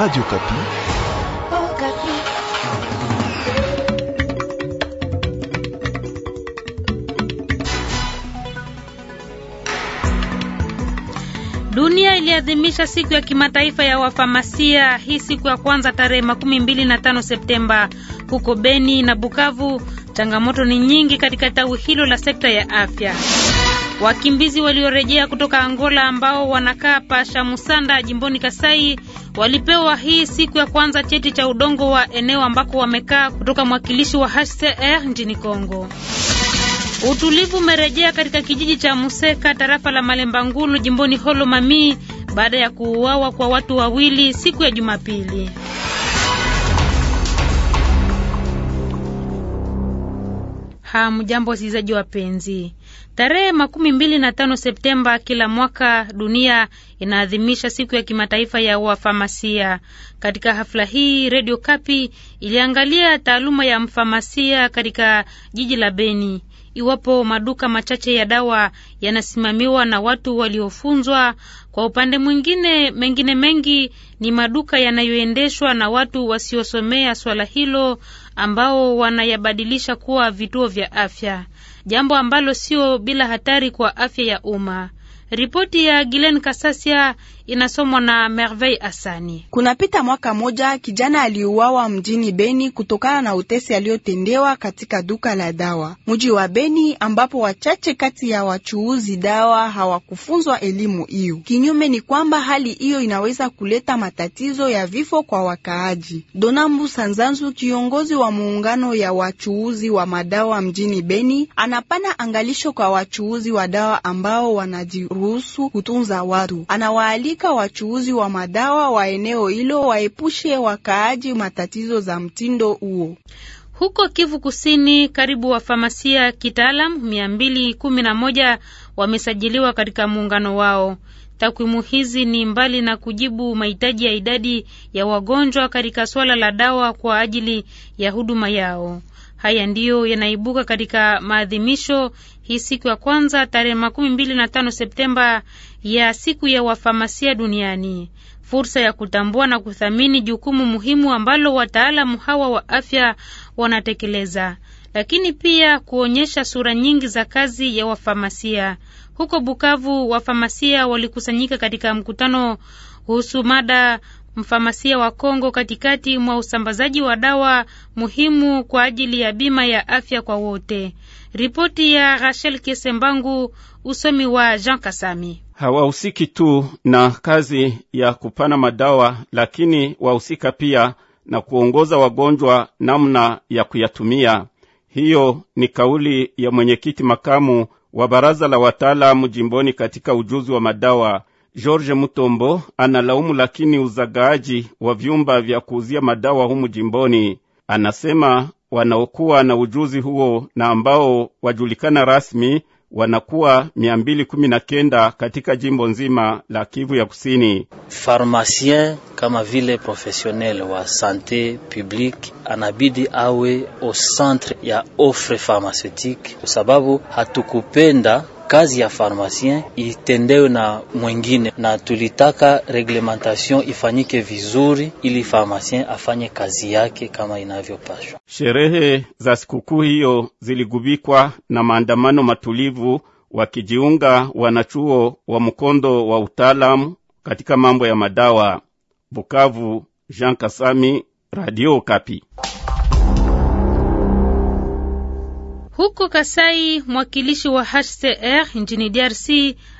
Radio Kapi. Oh, Kapi. Dunia iliadhimisha siku ya kimataifa ya wafamasia hii siku ya kwanza tarehe makumi Septemba huko Beni na Bukavu. Changamoto ni nyingi katika tawi hilo la sekta ya afya. Wakimbizi waliorejea kutoka Angola ambao wanakaa Pasha Musanda jimboni Kasai walipewa hii siku ya kwanza cheti cha udongo wa eneo ambako wamekaa kutoka mwakilishi wa HCR nchini Kongo. Utulivu umerejea katika kijiji cha Museka tarafa la Malemba Ngulu jimboni Holo Mami baada ya kuuawa kwa watu wawili siku ya Jumapili. Hamjambo wasikilizaji wapenzi. Tarehe makumi mbili na tano Septemba kila mwaka dunia inaadhimisha siku ya kimataifa ya wafamasia. Katika hafla hii, redio Kapi iliangalia taaluma ya mfamasia katika jiji la Beni. Iwapo maduka machache ya dawa yanasimamiwa na watu waliofunzwa, kwa upande mwingine, mengine mengi ni maduka yanayoendeshwa na watu wasiosomea swala hilo ambao wanayabadilisha kuwa vituo vya afya, jambo ambalo sio bila hatari kwa afya ya umma. Ripoti ya Gilen Kasasia inasomwa na Merveille Asani. Kunapita mwaka moja kijana aliuawa mjini Beni kutokana na utesi aliyotendewa katika duka la dawa mji wa Beni, ambapo wachache kati ya wachuuzi dawa hawakufunzwa elimu hiyo. Kinyume ni kwamba hali hiyo inaweza kuleta matatizo ya vifo kwa wakaaji. Donambu Sanzanzu, kiongozi wa muungano ya wachuuzi wa madawa mjini Beni, anapana angalisho kwa wachuuzi wa dawa ambao wanajiruhusu kutunza watu Anawali aliwaalika wachuuzi wa madawa wa eneo hilo waepushe wakaaji matatizo za mtindo huo. Huko Kivu Kusini, karibu wafamasia kitaalam 211 wamesajiliwa katika muungano wao. Takwimu hizi ni mbali na kujibu mahitaji ya idadi ya wagonjwa katika swala la dawa kwa ajili ya huduma yao. Haya ndiyo yanaibuka katika maadhimisho hii siku ya kwanza tarehe makumi mbili na tano Septemba ya siku ya wafamasia duniani, fursa ya kutambua na kuthamini jukumu muhimu ambalo wataalamu hawa wa afya wanatekeleza, lakini pia kuonyesha sura nyingi za kazi ya wafamasia. Huko Bukavu, wafamasia walikusanyika katika mkutano kuhusu mada mfamasia wa Kongo katikati mwa usambazaji wa dawa muhimu kwa ajili ya bima ya afya kwa wote. Ripoti ya Rachel Kesembangu, usomi wa Jean Kasami hawahusiki tu na kazi ya kupana madawa, lakini wahusika pia na kuongoza wagonjwa namna ya kuyatumia. Hiyo ni kauli ya mwenyekiti makamu wa baraza la wataalamu jimboni katika ujuzi wa madawa George Mutombo analaumu lakini uzagaaji wa vyumba vya kuuzia madawa humu jimboni. Anasema wanaokuwa na ujuzi huo na ambao wajulikana rasmi wanakuwa mia mbili kumi na kenda katika jimbo nzima la Kivu ya Kusini. Farmasien kama vile profesionel wa sante publique anabidi awe au centre ya ofre farmaceutique, kwa sababu hatukupenda kazi ya farmasien itendewe na mwingine, na tulitaka reglementation ifanyike vizuri ili farmasien afanye kazi yake kama inavyopashwa. Sherehe za sikukuu hiyo ziligubikwa na maandamano matulivu, wakijiunga wanachuo wa mkondo wa utaalamu katika mambo ya madawa. Bukavu, Jean Kasami, Radio Kapi. Huko Kasai, mwakilishi wa HCR nchini DRC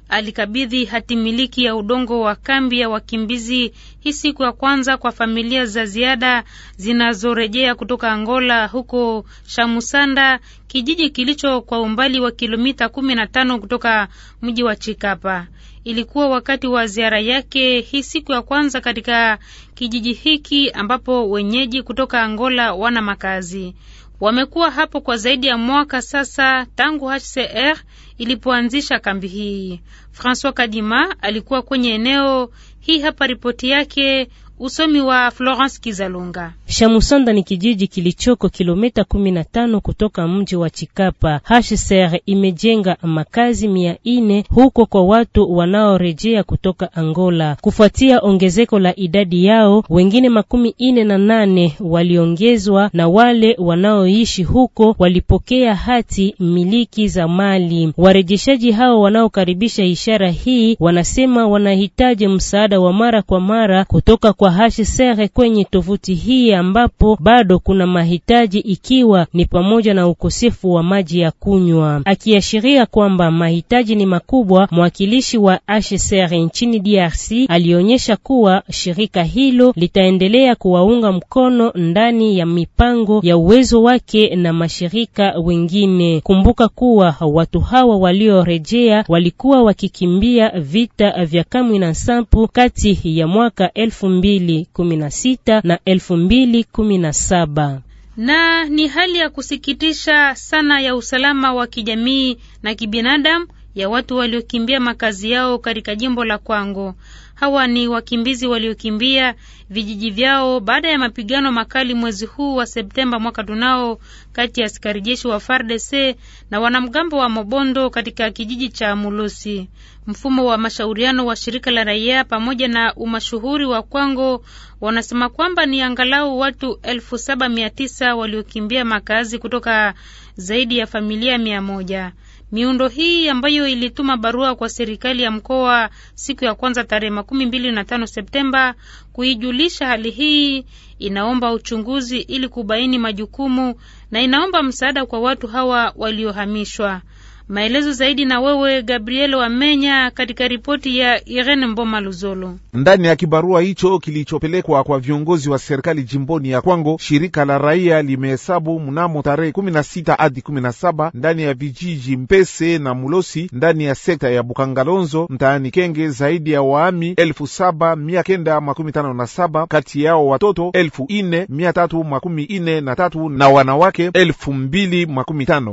alikabidhi hati miliki ya udongo wa kambi ya wakimbizi hii siku ya kwanza kwa familia za ziada zinazorejea kutoka Angola huko Shamusanda, kijiji kilicho kwa umbali wa kilomita 15 kutoka mji wa Chikapa. Ilikuwa wakati wa ziara yake hii siku ya kwanza katika kijiji hiki ambapo wenyeji kutoka Angola wana makazi. Wamekuwa hapo kwa zaidi ya mwaka sasa tangu HCR ilipoanzisha kambi hii. Francois Kadima alikuwa kwenye eneo hii, hapa ripoti yake. Usomi wa Florence Kizalunga. Shamusanda ni kijiji kilichoko kilomita 15 kutoka mji wa Chikapa. HCR imejenga makazi mia ine huko kwa watu wanaorejea kutoka Angola kufuatia ongezeko la idadi yao. Wengine makumi ine na nane waliongezwa na wale wanaoishi huko walipokea hati miliki za mali. Warejeshaji hao wanaokaribisha ishara hii wanasema wanahitaji msaada wa mara kwa mara kutoka kwa HCR kwenye tovuti hii, ambapo bado kuna mahitaji ikiwa ni pamoja na ukosefu wa maji ya kunywa. Akiashiria kwamba mahitaji ni makubwa, mwakilishi wa HCR nchini DRC alionyesha kuwa shirika hilo litaendelea kuwaunga mkono ndani ya mipango ya uwezo wake na mashirika wengine. Kumbuka kuwa watu hawa waliorejea walikuwa wakikimbia vita vya Kamwina Nsapu kati ya mwaka elfu mbili 2016 na 2017 na ni hali ya kusikitisha sana ya usalama wa kijamii na kibinadamu ya watu waliokimbia makazi yao katika jimbo la Kwango. Hawa ni wakimbizi waliokimbia vijiji vyao baada ya mapigano makali mwezi huu wa Septemba mwaka tunao kati ya askari jeshi wa FARDC na wanamgambo wa Mobondo katika kijiji cha Mulusi. Mfumo wa mashauriano wa shirika la raia pamoja na umashuhuri wa Kwango wanasema kwamba ni angalau watu elfu saba mia tisa waliokimbia makazi kutoka zaidi ya familia mia moja. Miundo hii ambayo ilituma barua kwa serikali ya mkoa siku ya kwanza tarehe makumi mbili na tano Septemba kuijulisha hali hii, inaomba uchunguzi ili kubaini majukumu na inaomba msaada kwa watu hawa waliohamishwa. Maelezo zaidi na wewe Gabriel Wamenya katika ripoti ya Irene Mboma Luzolo. Ndani ya kibarua hicho kilichopelekwa kwa viongozi wa serikali jimboni ya Kwango, shirika la raia limehesabu mnamo tarehe 16 hadi 17 ndani ya vijiji Mpese na Mulosi ndani ya sekta ya Bukangalonzo mtaani Kenge zaidi ya waami 7957 kati yao watoto elfu na wanawake elfu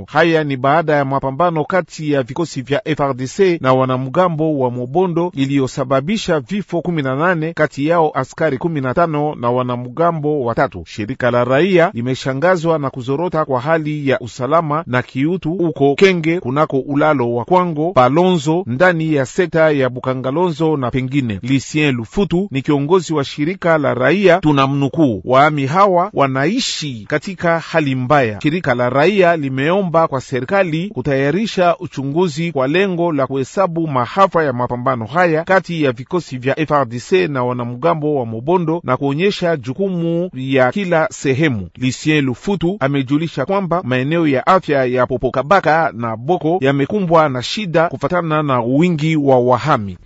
Haya ni baada ya mapambano kati ya vikosi vya FRDC na wanamgambo wa Mobondo iliyosababisha vifo 18 kati yao askari 15 na wanamgambo watatu. Shirika la raia limeshangazwa na kuzorota kwa hali ya usalama na kiutu uko Kenge kunako ulalo wa Kwango Palonzo ndani ya sekta ya Bukangalonzo na pengine. Lisien Lufutu ni kiongozi wa shirika la raia, tunamnukuu: waami hawa wanaishi katika hali mbaya. Shirika la raia limeomba kwa serikali kutayarisha kuanzisha uchunguzi kwa lengo la kuhesabu mahafa ya mapambano haya kati ya vikosi vya FRDC na wanamgambo wa Mobondo na kuonyesha jukumu ya kila sehemu. Lisien Lufutu amejulisha kwamba maeneo ya afya ya Popokabaka na Boko yamekumbwa na shida kufatana na wingi wa wahami.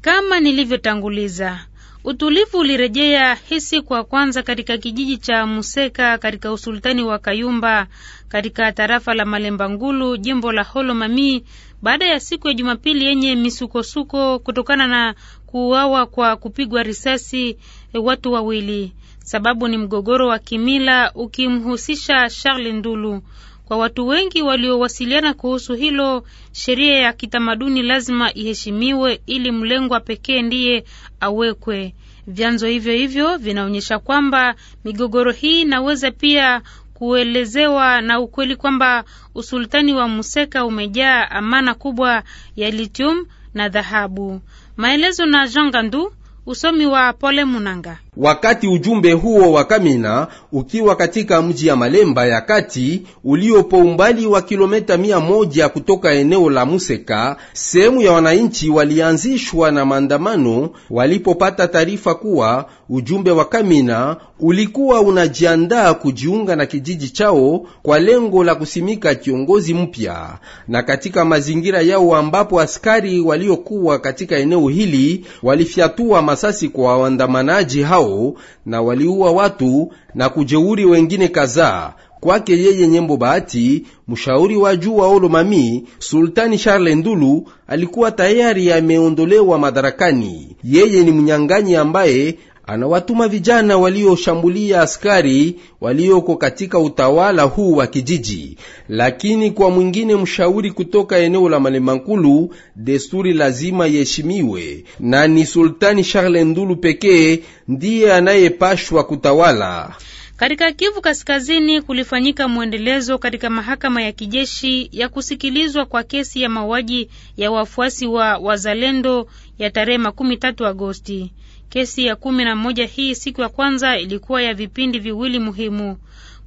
Kama nilivyotanguliza Utulivu ulirejea hisi kwa kwanza katika kijiji cha Museka katika usultani wa Kayumba katika tarafa la Malemba Ngulu, jimbo la Holo Mami, baada ya siku ya Jumapili yenye misukosuko kutokana na kuuawa kwa kupigwa risasi watu wawili. Sababu ni mgogoro wa kimila ukimhusisha Charles Ndulu. Kwa watu wengi waliowasiliana kuhusu hilo, sheria ya kitamaduni lazima iheshimiwe ili mlengwa pekee ndiye awekwe. Vyanzo hivyo hivyo vinaonyesha kwamba migogoro hii inaweza pia kuelezewa na ukweli kwamba usultani wa Museka umejaa amana kubwa ya litium na dhahabu. Maelezo na Jean Gandu, usomi wa Pole Munanga. Wakati ujumbe huo wa Kamina ukiwa katika mji ya Malemba ya kati uliopo umbali wa kilomita mia moja kutoka eneo la Museka, sehemu ya wananchi walianzishwa na maandamano walipopata taarifa kuwa ujumbe wa Kamina ulikuwa unajiandaa kujiunga na kijiji chao kwa lengo la kusimika kiongozi mpya. Na katika mazingira yao ambapo askari waliokuwa katika eneo hili walifyatua masasi kwa waandamanaji hao wao na waliua watu na kujeuri wengine kadhaa. Kwake yeye Nyembo Bahati, mshauri wa juu wa Olomami, Sultani Charles Ndulu alikuwa tayari ameondolewa madarakani. Yeye ni mnyang'anyi ambaye anawatuma vijana walioshambulia askari walioko katika utawala huu wa kijiji. Lakini kwa mwingine mshauri kutoka eneo la Malemankulu, desturi lazima iheshimiwe na ni Sultani Charles Ndulu pekee ndiye anayepashwa kutawala. Katika Kivu Kaskazini kulifanyika mwendelezo katika mahakama ya kijeshi ya kusikilizwa kwa kesi ya mauaji ya wafuasi wa Wazalendo ya tarehe makumi Agosti. Kesi ya kumi na moja hii siku ya kwanza ilikuwa ya vipindi viwili muhimu: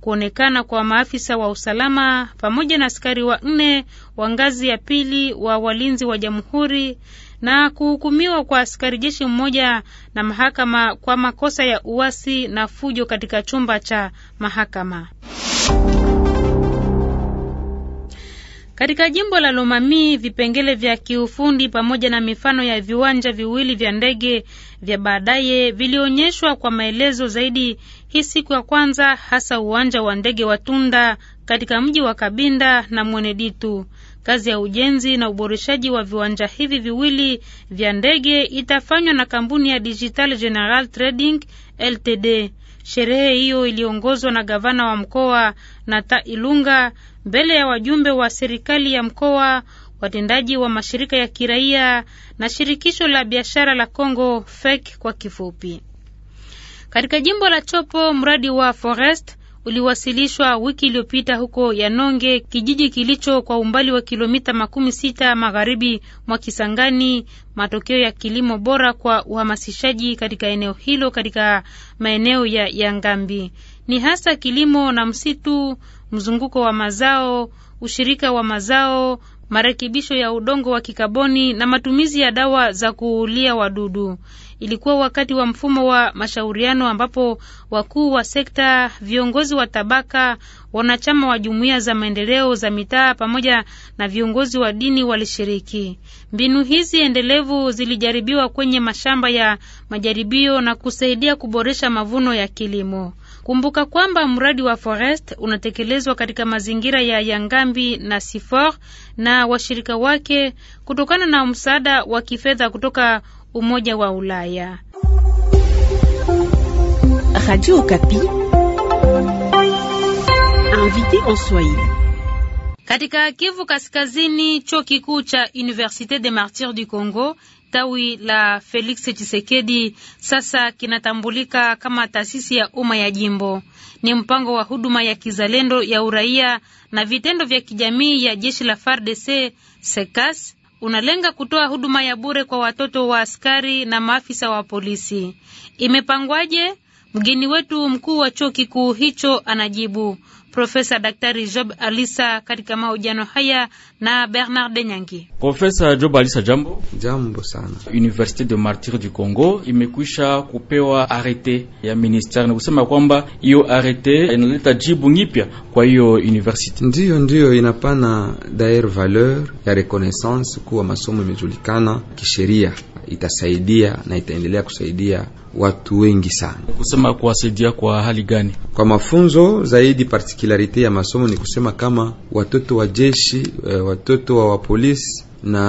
kuonekana kwa maafisa wa usalama pamoja na askari wa nne wa ngazi ya pili wa walinzi wa jamhuri na kuhukumiwa kwa askari jeshi mmoja na mahakama kwa makosa ya uasi na fujo katika chumba cha mahakama. Katika jimbo la Lomami, vipengele vya kiufundi pamoja na mifano ya viwanja viwili vya ndege vya baadaye vilionyeshwa kwa maelezo zaidi hii siku ya kwanza, hasa uwanja wa ndege wa Tunda katika mji wa Kabinda na Mweneditu. Kazi ya ujenzi na uboreshaji wa viwanja hivi viwili vya ndege itafanywa na kampuni ya Digital General Trading Ltd. Sherehe hiyo iliongozwa na gavana wa mkoa na Ta Ilunga mbele ya wajumbe wa serikali ya mkoa, watendaji wa mashirika ya kiraia na shirikisho la biashara la congo FEC kwa kifupi. Katika jimbo la Chopo, mradi wa Forest uliwasilishwa wiki iliyopita huko Yanonge, kijiji kilicho kwa umbali wa kilomita makumi sita magharibi mwa Kisangani, matokeo ya kilimo bora kwa uhamasishaji katika eneo hilo katika maeneo ya Yangambi ni hasa kilimo na msitu, mzunguko wa mazao, ushirika wa mazao, marekebisho ya udongo wa kikaboni na matumizi ya dawa za kuulia wadudu. Ilikuwa wakati wa mfumo wa mashauriano ambapo wakuu wa sekta, viongozi wa tabaka, wanachama wa jumuiya za maendeleo za mitaa pamoja na viongozi wa dini walishiriki. Mbinu hizi endelevu zilijaribiwa kwenye mashamba ya majaribio na kusaidia kuboresha mavuno ya kilimo. Kumbuka kwamba mradi wa Forest unatekelezwa katika mazingira ya Yangambi na Sifor na washirika wake kutokana na msaada wa kifedha kutoka Umoja wa Ulaya. Radio Invité en Swahili. Katika Kivu Kaskazini, chuo kikuu cha Université des Martyrs du Congo tawi la Felix chisekedi sasa kinatambulika kama taasisi ya umma ya jimbo. Ni mpango wa huduma ya kizalendo ya uraia na vitendo vya kijamii ya jeshi la FARDC SECAS unalenga kutoa huduma ya bure kwa watoto wa askari na maafisa wa polisi. Imepangwaje? Mgeni wetu mkuu wa chuo kikuu hicho anajibu Profesa Daktari Job Alisa katika mahojiano haya na Bernard Nyangi. Profesa Job Alisa, jambo. Jambo sana. Universite de Martyr du Congo imekwisha kupewa arete ya ministeri ni kusema kwamba hiyo arete inaleta jibu nyipya kwa hiyo universite. Ndiyo, ndiyo inapana daer valeur ya reconnaissance kuwa masomo imejulikana kisheria, itasaidia na itaendelea kusaidia watu wengi sana. Kusema kuwasaidia kwa hali gani? Kwa mafunzo zaidi, partikularite ya masomo ni kusema kama watoto wa jeshi, eh, watoto wa wapolisi na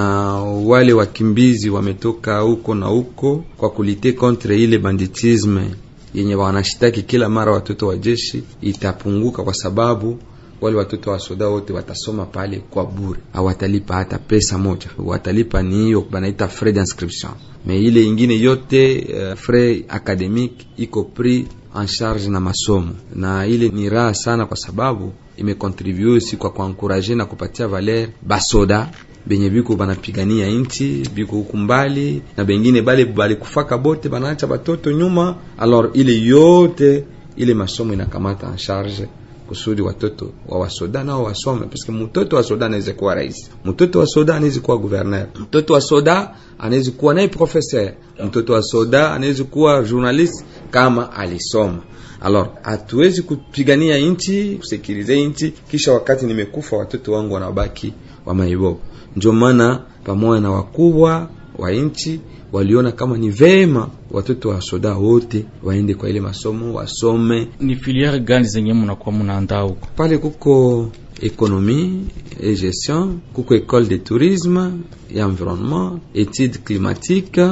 wale wakimbizi wametoka huko na huko, kwa kulite kontre ile banditisme yenye wanashitaki kila mara watoto wa jeshi itapunguka, kwa sababu wale watoto wa soda wote watasoma pale kwa bure, hawatalipa hata pesa moja. Watalipa ni hiyo banaita frais d'inscription, me ile ingine yote uh, frais academique iko pris en charge na masomo, na ile ni raha sana, kwa sababu imekontribue usi kwa kuankuraje na kupatia valeur basoda benye biko banapigania inchi biko huku mbali na bengine bale balikufaka bote banaacha batoto nyuma. Alors ile yote ile masomo inakamata en charge kusudi watoto wa wasoda nao wasome, paske mtoto wa soda anaweza kuwa rais, mtoto wa soda anaweza kuwa guverner, mtoto wa soda anaweza kuwa naye professeur, mtoto wa soda anaweza kuwa journalist kama alisoma. Alors, hatuwezi kupigania nchi, kusekirize nchi, kisha wakati nimekufa watoto wangu wanabaki wa maibobo. Ndio maana pamoja na wakubwa wa nchi waliona kama ni vema watoto wa soda wote waende kwa ile masomo wasome. Ni filiere gani zenye mnakuwa mnaandaa huko? Pale kuko ekonomi et gestion, kuko école de tourisme ya environnement, étude climatique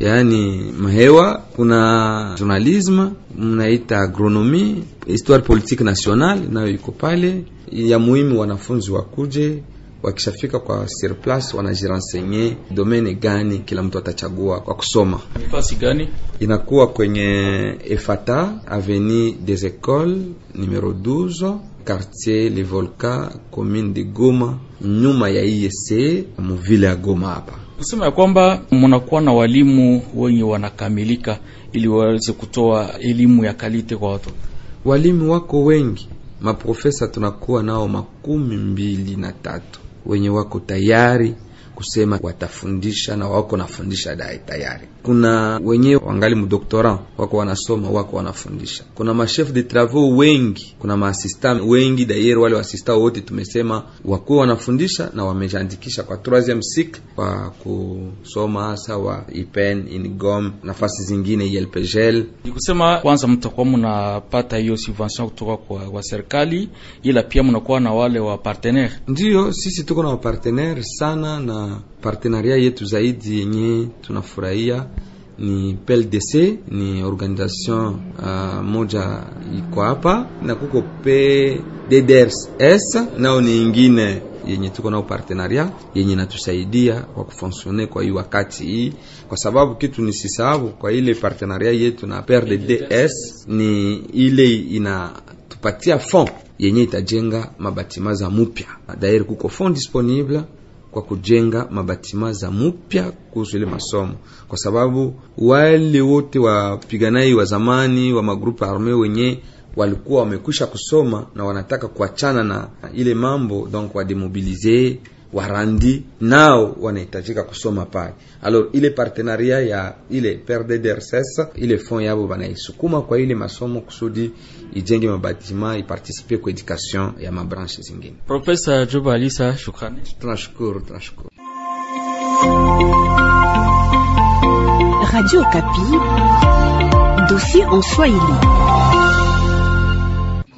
yaani mahewa, kuna journalisme mnaita agronomi, histoire politique nationale nayo iko pale. Ya muhimu wanafunzi wakuje wakishafika kwa surplus wanajirensenye domaine gani kila mtu atachagua kwa kusoma. Nafasi gani inakuwa kwenye Efata Avenue des Ecoles numero 12 quartier Le Volca commune de Goma, nyuma ya IEC muvile ya Goma. Hapa kusema ya kwamba mnakuwa na walimu wenye wanakamilika ili waweze kutoa elimu ya kalite kwa watu. Walimu wako wengi, maprofesa tunakuwa nao makumi mbili na tatu wenye wako tayari kusema watafundisha na wako nafundisha dae tayari kuna wenyewe wangali mudoktora wako wanasoma wako wanafundisha, kuna machef de travaux wengi, kuna maasista wengi dayer, wale waasista wote tumesema wakuwa wanafundisha na wamejiandikisha kwa troisieme cycle kwa kusoma hasa wa ipen ingom nafasi zingine ylpgl Ni kusema kwanza, mtakuwa mnapata hiyo subvention kutoka kwa, kwa serikali, ila pia mnakuwa na wale wa partenaire. Ndiyo, sisi tuko na wapartenaire sana na Partenaria yetu zaidi yenye tunafurahia ni PLDC, ni organisation uh, moja iko hapa na kuko pe DDRS nao ni ingine yenye tuko nao partenariat yenye natusaidia kwa kufonctionner kwa hii wakati hii, kwa sababu kitu sisahau kwa ile partenariat yetu na PRDDS ni ile inatupatia fond yenye itajenga mabatima za mupya. Dairi kuko fond disponible kwa kujenga mabatima za mupya kuhusu ile masomo, kwa sababu wale wote wapiganai wa zamani wa magrupu arme wenye walikuwa wamekwisha kusoma na wanataka kuachana na ile mambo, donc wademobilize warandi nao wanahitajika kusoma pale. Alors ile partenaria ya ile perde derses ile fond yabo banaisukuma kwa ile masomo kusudi ijenge mabatima ipartisipe kwa edukation ya mabranche zingine. Profesa Juba Alisa, shukrani. Tunashukuru, tunashukuru. Radio Kapi, dossier en Swahili.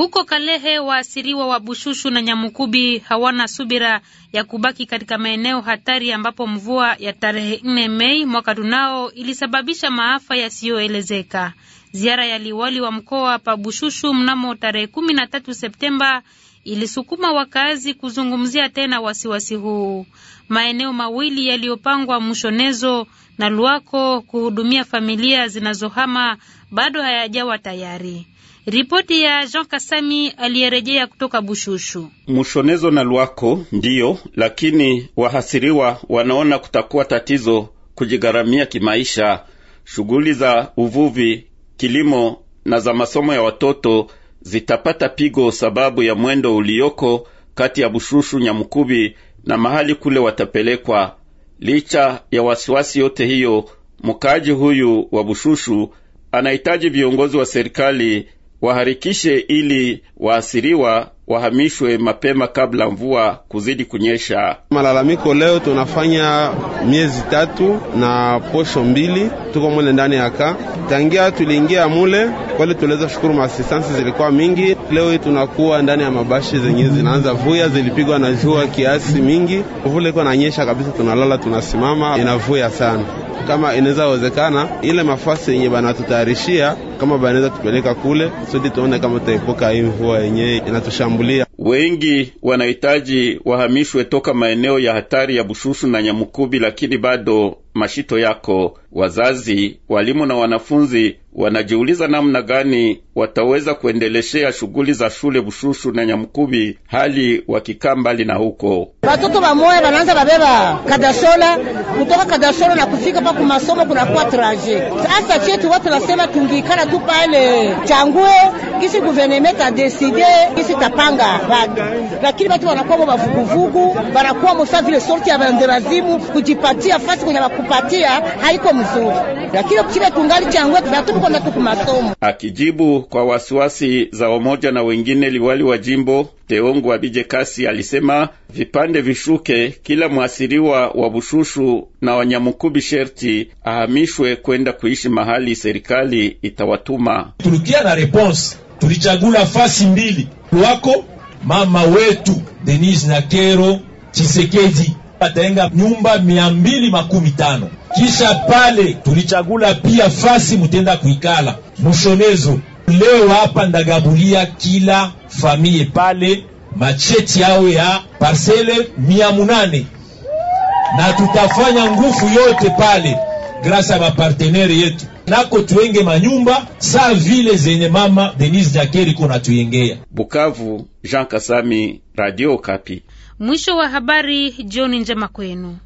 Huko Kalehe, waasiriwa wa Bushushu na Nyamukubi hawana subira ya kubaki katika maeneo hatari ambapo mvua ya tarehe 4 Mei mwaka tunao ilisababisha maafa yasiyoelezeka. Ziara ya liwali wa mkoa pa Bushushu mnamo tarehe 13 Septemba ilisukuma wakazi kuzungumzia tena wasiwasi huu. Maeneo mawili yaliyopangwa Mshonezo na Luako kuhudumia familia zinazohama bado hayajawa tayari. Ripoti ya Jean Kasami aliyerejea kutoka Bushushu. Mushonezo na Lwako ndiyo, lakini wahasiriwa wanaona kutakuwa tatizo kujigharamia kimaisha. Shughuli za uvuvi, kilimo na za masomo ya watoto zitapata pigo sababu ya mwendo ulioko kati ya Bushushu, Nyamukubi na mahali kule watapelekwa. Licha ya wasiwasi yote hiyo, mkaaji huyu wa Bushushu anahitaji viongozi wa serikali waharikishe ili waasiriwa wahamishwe mapema kabla mvua kuzidi kunyesha. Malalamiko leo tunafanya miezi tatu na posho mbili, tuko mule ndani ya ka tangia tuliingia mule kweli, tuliweza shukuru maasistansi zilikuwa mingi. Leo hii tunakuwa ndani ya mabashi zenye zinaanza vuya, zilipigwa na jua kiasi mingi, mvula iko nanyesha kabisa, tunalala tunasimama, inavuya sana kama inaweza wezekana ile mafasi yenye banatutayarishia kama banaweza tupeleka kule sudi tuone kama tutaepuka hii mvua yenyewe inatusha kushambulia. Wengi wanahitaji wahamishwe toka maeneo ya hatari ya Bushushu na Nyamukubi, lakini bado mashito yako. Wazazi, walimu na wanafunzi wanajiuliza namna gani wataweza kuendeleshea shughuli za shule Bushushu na Nyamukubi hali wakikaa mbali na huko. Watoto wamoya wanaanza babeba kadashola kutoka kadashola na kufika pa ku masomo kunakuwa traje. Sasa chetu watu nasema tungikala tu pale changue kisi guvenemeta deside kisi tapanga bado, lakini batu wanakuwa mo bavuguvugu, wanakuwa mosa vile sorti ya bandebazimu kujipatia fasi kwenye baku kupatia haiko mzuri, lakini kile kungali changwe natukonda tukumasomo. Akijibu kwa wasiwasi za wamoja na wengine, liwali wa jimbo Teongo Abije Kasi alisema vipande vishuke, kila mwasiriwa wa Bushushu na Wanyamukubi sherti ahamishwe kwenda kuishi mahali serikali itawatuma. Tulikia na reponse, tulichagula fasi mbili wako mama wetu Denise Nakero Chisekedi pataenga nyumba mia mbili makumi tano. Kisha pale tulichagula pia fasi mutenda kuikala mushonezo. Leo hapa ndagabulia kila famiye pale macheti yao ya parcele mia munane na tutafanya ngufu yote pale grasa ya mapartenere yetu nako tuenge manyumba saa vile zenye mama Denise Jakeri tuyengea. Bukavu, Jean Kasami, Radio Kapi. Mwisho wa habari. Jioni njema kwenu.